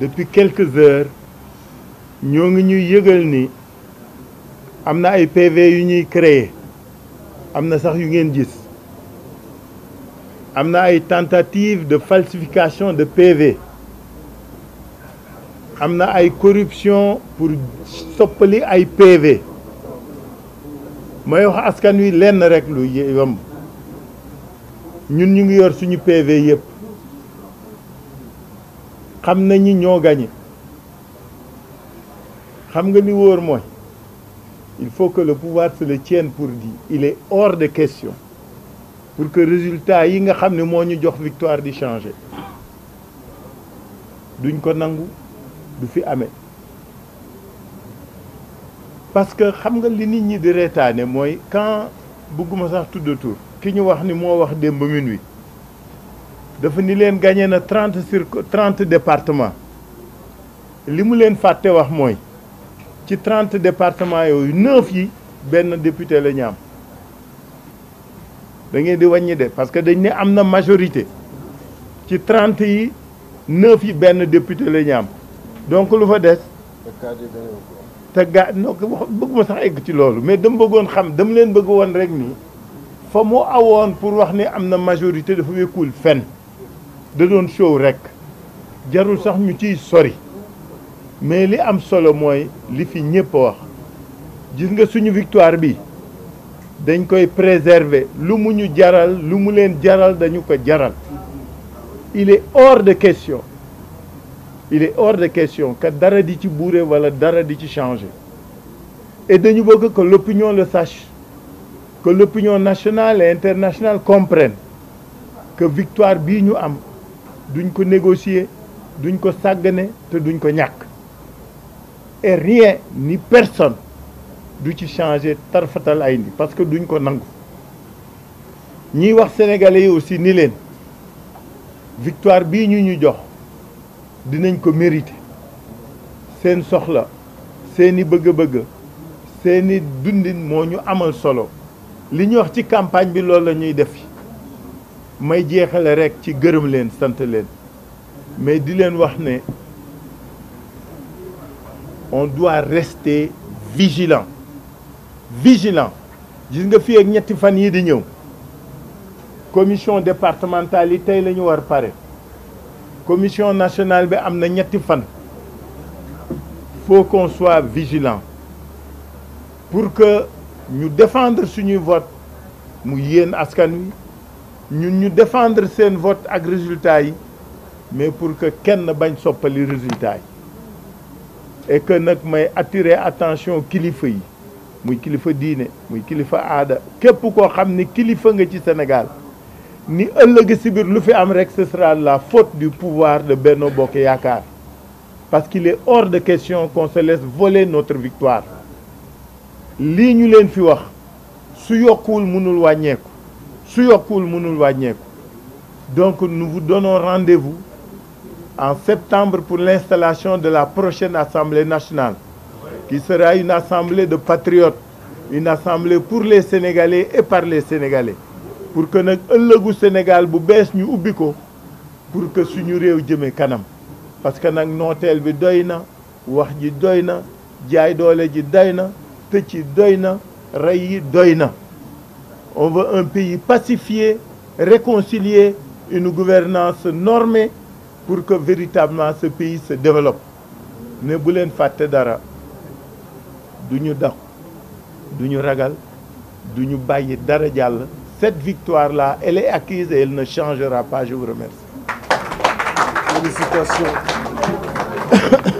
depuis quelques heures ñoo ngi ñuy yëgal ni am na ay PV yu ñuy créer am na sax yu ngeen gis am na ay tentative de falsification de PV am na ay corruption pour soppali ay PV may wax askan wi lenn rek lu yomb ñun ñu ngi yor suñu PV yëpp xam na ni ñoo gagné xam nga li wóor mooy il faut que le pouvoir se le tienne pour dire il est de question pour que résultat yi nga xam ne moo ñu jox victoire di changer duñ ko nangu du fi amee parce que xam nga li nit ñi di reetaane mooy quand bëgguma sax tudd tur ki ñu wax ni moo wax démb minuit dafa ni leen gañe na trente sur trente départements li mu leen fàtte wax mooy ci trente départements yooyu neuf yi benn député la ñu am da ngeen di wàññi de parce que dañ ne am na majorité ci trente yi neuf yi benn député la ñu am donc lu fa des. te gaa non bëgguma sax egg ci loolu mais dama bëggoon xam dama leen bëgg woon rek nii fa mu awoon pour wax ni am na majorité dafa wékkul fenn. da doon show rekk jarul sax ñu ciy sori mais li am solo mooy li fi ñëpp wax gis nga suñu victoire bi dañ koy préserver lu mu ñu jaral lu mu leen jaral dañu ko jaral il est hors de question il est hors de question que dara di ci buure walla dara di ci changer et dañu bëgg que l'opinion le sache que l'opinion nationale et internationale comprenne que victoire bii ñu am duñ ko négocier duñ ko sàggane te duñ ko ñàkk et rien ni personne du ci changer tarfatal ay ni parce que duñ ko nangu ñiy wax sénégalais yi aussi ni leen victoire bii ñu ñu jox dinañ ko mérité seen soxla seeni bëgg-bëgg seeni dundin moo ñu amal solo li ñu wax ci campagne bi loolu la ñuy def may jeexale rek ci gërëm leen sant leen mais di leen wax ne on doit reste vigilant vigilant gis nga fii ak ñetti fan yi di ñëw commission départementale yi tey la ñu war pare commission nationale bi am na ñetti fan faut qu'on soit vigilant pour que ñu defendre suñuy vote mu yéen askan wi ñun ñu defendre seen vote ak résultat yi mais pour que kenn bañ soppali résultat yi et que nag may attirer attention kilifa yi muy kilifa diine muy kilifa aada képp koo xam ni kilifa nga ci Sénégal ni ëllëg si biir lu fi am rek ce la faute du pouvoir de benn Bokk Yaakaar parce qu'il est hors de question qu'on se laisse voler notre victoire lii ñu leen fi wax su yokkuwul mënul wàññeeku su yokkuwul mënul wàññeeku donc nous vous donnons rendez-vous en septembre pour l'installation de la prochaine assemblée nationale qui sera une assemblée de patriotes une assemblée pour les sénégalais et par les sénégalais pour que nag ëllëgu Sénégal bu bees ñu ubbi ko pour que suñu réew jëmee kanam parce que nag nooteel bi doy na wax ji doy na jaay doole ji doy na tëcc yi doy na rey doy na. On veut un pays pacifié, réconcilié, une gouvernance normée pour que véritablement ce pays se développe mais bu leen fàtte dara du ñu daw du ñu ragal du ñu bàyyi dara jàll cette victoire là elle est acquise et elle ne changera pas je vous remercie félicitations